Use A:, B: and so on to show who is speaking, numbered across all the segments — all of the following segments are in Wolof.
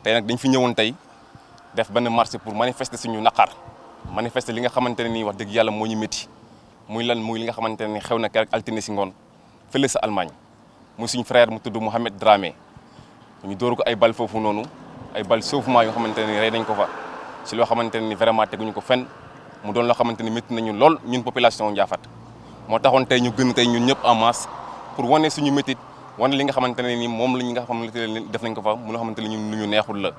A: tey nag dañ fi ñëwoon tey def benn marché pour manifester suñu naqar manifester li nga xamante ne nii wax dëgg yàlla moo ñu métti muy lan muy li nga xamante ne xew na keroog altine si ngoon fële sa Allemagne muy suñu frère mu tudd Mohamed Dramé ñu dóor ko ay bal foofu noonu ay bal sauvement yoo xamante ne rey nañ ko fa si loo xamante ne ni vraiment teguñu ko fenn mu doon loo xamante ni métti nañu lool ñun population Ndiaffate moo taxoon tey ñu wone li nga xamante ni mom la nga xamante def nañ ko fa mu loo xamante ne ñu neexul la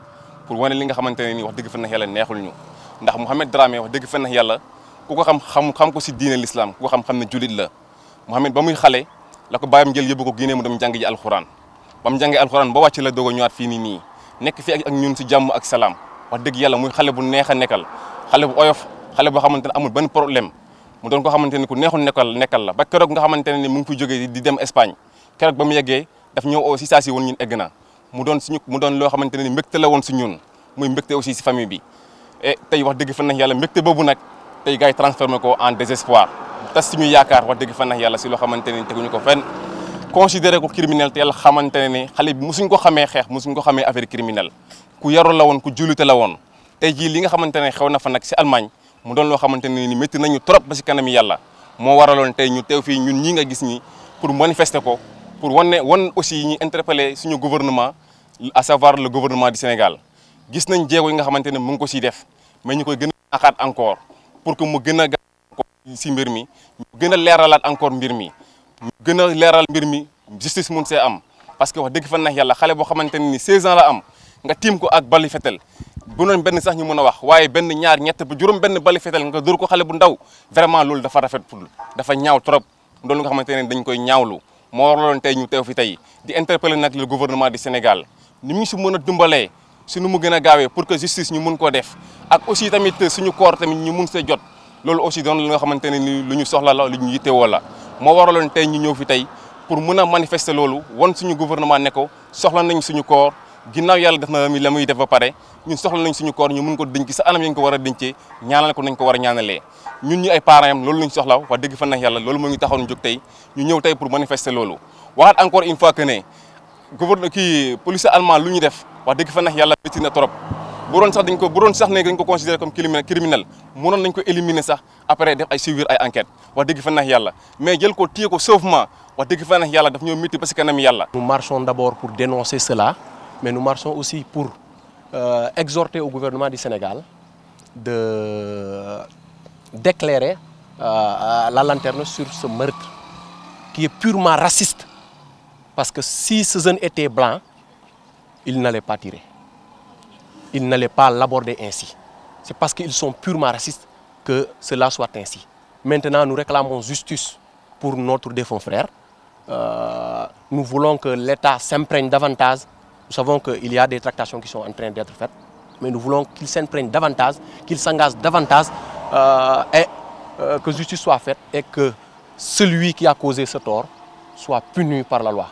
A: pour wone li nga xamante ni wax deug fa neex yàlla neexul ñu ndax Mouhamed Dramé wax deug fa neex yàlla ku ko xam xam xam ko ci diine l'islam ku xam xam na julit la Mouhamed ba muy xale la ko bayam jël yebugo ko mu dem jàng ji alcorane bam jange alcorane ba wàcc la dogo ñuat fi ni ni nek fi ak ñun ci jàmm ak salam wax deug yàlla muy xale bu neexa nekkal xale bu oyof xale bu xamante amul ben problème mu don ko xamante ku neexul nekkal nekkal la ba kërok nga xamante ni mu ngi fi jógee di dem Espagne keroog ba mu yeggee daf ñëw aussi si woon na mu doon suñu loo xamante ne mbégte woon si ñun muy mbégte aussi si famille bi et tey wax dëgg fan nax boobu nag tey gars yi transformé ko en désespoir tas suñu yaakaar wax dëgg fan nax yàlla si loo xamante ne teguñu ko fenn considéré ko criminel te yàlla ne ni xale bi musuñ ko xamee xeex musuñ ko xamee affaire criminel ku yaru la woon ku jullite woon tey jii li nga xamante ne xew na fa nag si Allemagne mu doon loo xamante ne ni métti nañu trop ba si kanam yàlla moo waraloon tey ñu teew fii ñun ñii nga gis ñi pour manifester ko pour wane ne wan aussi ñi interpeller suñu gouvernement à savoir le gouvernement du Sénégal gis nañ jéego yi nga xamante ne mu ngi ko siy def mais ñu koy gën a axaat encore pour que mu gën a gaaw si mbir mi mu gën a leeralaat encore mbir mi mu gën a leeral mbir mi justice mun see am parce que wax dëgg fa neex yàlla xale boo xamante ne ni 16 la am nga tiim ko ak bali fetel bu noon benn sax ñu mun a wax waaye benn ñaar ñett ba juróom benn bali fetel nga dóor ko xale bu ndaw vraiment loolu dafa rafetul dafa ñaaw trop loolu nga xamante ne dañ koy ñaawlu moo waraloon tey ñu teew fi tey di interpeller nag guvernement di Sénégal ni mu si mën a dimbalee si nu mu gën a gaawee pour que justice ñu mun koo def ak aussi tamit suñu koor tamit ñu mun se jot loolu aussi doon la nga xamante ne ni lu ñu soxla la lu ñu yittewoo la moo waraloon tey ñu ñëw fi tey pour mën a manifester loolu won suñu guvernement ne ko soxla nañ suñu koor ginnaw yalla def na la muy def ba paré ñun soxla nañ suñu koor ñu mun ko ci sa anam yañ ko wara a dencee ñaanal ko nañ ko wara ñaanalé ñun ñu ay parents am loolu lañ soxla wax dëgg fa neex yalla loolu moo ngi taxawoon jóg tey ñu ñëw tay pour manifester loolu waxat encore une fois que né gouverneur ki police allemand lu ñu def wax dëgg fa neex yalla métti na trop bu doon sax dañ ko bu doon sax né dañ ko considérer comme criminel criminel mënon nañ ko éliminer sax après def ay suivre ay enquête wax dëgg fa neex yalla mais jël ko téye ko sauvement wax dëgg fa neex yalla daf ñoo métti parce que kanam yalla
B: nous marchons d'abord pour dénoncer cela mais nous marchons aussi pour euh, exhorter au gouvernement du Sénégal d'éclairer euh, la lanterne sur ce meurtre qui est purement raciste. Parce que si ce jeune était blanc, il n'allait pas tirer. Il n'allait pas l'aborder ainsi. C'est parce qu'ils sont purement racistes que cela soit ainsi. Maintenant, nous réclamons justice pour notre défunt frère. Euh, nous voulons que l'État s'imprègne davantage nous savons qu'il y a des tractations qui sont en train d'être faites, mais nous voulons qu'ils s'en prennent davantage, qu'ils s'engagent davantage euh, et euh, que justice soit faite et que celui qui a causé ce tort soit puni par la loi.